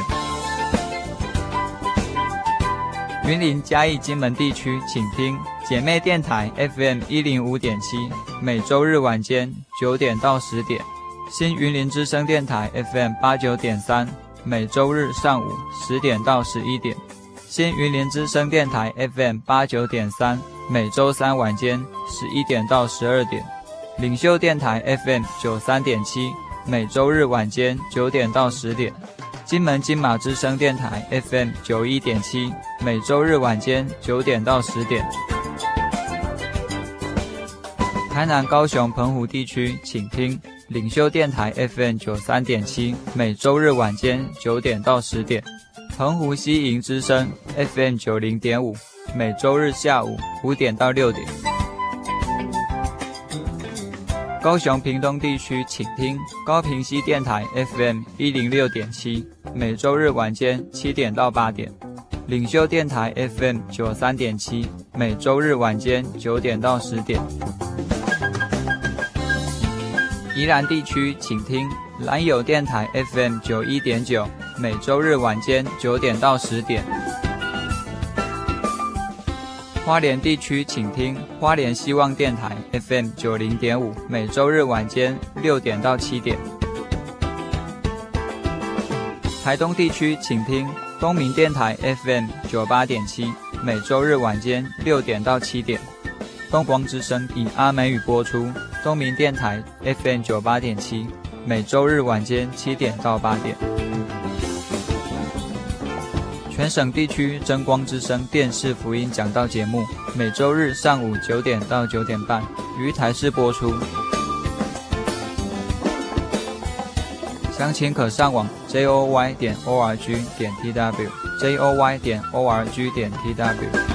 雲林嘉義金門地區，請聽姐妹電台 FM 一零五點七，每周日晚間九點到十點；新雲林之聲電台 FM 八九點三，每周日上午十點到十一點。新雲林之聲電台 FM 八九點三，每周三晚間十一點到十二點；領袖電台 FM 九三點七，每周日晚間九點到十點；金門金馬之聲電台 FM 九一點七，每周日晚間九點到十點。台南、高雄、澎湖地區，請聽領袖電台 FM 九三點七，每周日晚間九點到十點。澎湖西瀛之聲 FM 九零點五，每週日下午五點到六點。高雄屏東地區請聽高屏溪電台 FM 一零六點七，每週日晚間七點到八點。領袖電台 FM 九三點七，每週日晚間九點到十點。宜蘭地區請聽蘭友電台 FM 九一點九。每週日晚間九點到十點，花蓮地區請聽花蓮希望電台 FM 九零點五。每週日晚間六點到七點，台東地區請聽東明電台 FM 九八點七。每週日晚間六點到七點，東皇之聲以阿美語播出。東明電台 FM 九八點七，每週日晚間七點到八點。全省地區真光之聲電視福音講道節目，每周日上午九點到九點半於台視播出。詳情可上網 j o y 點 o r g 點 t w j o y 點 o r g 點 t w。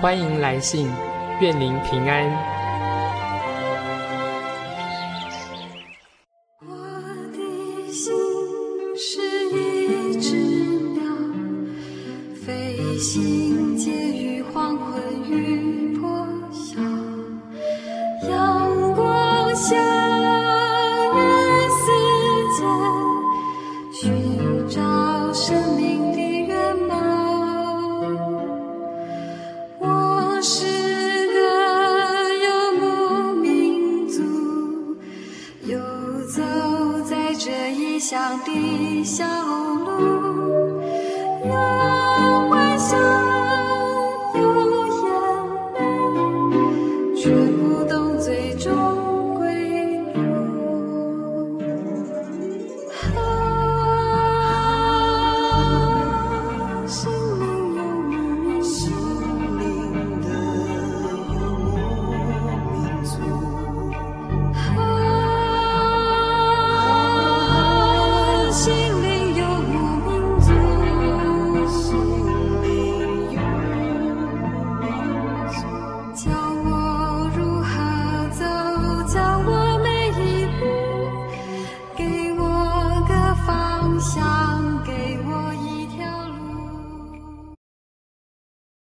歡迎來信，願您平安。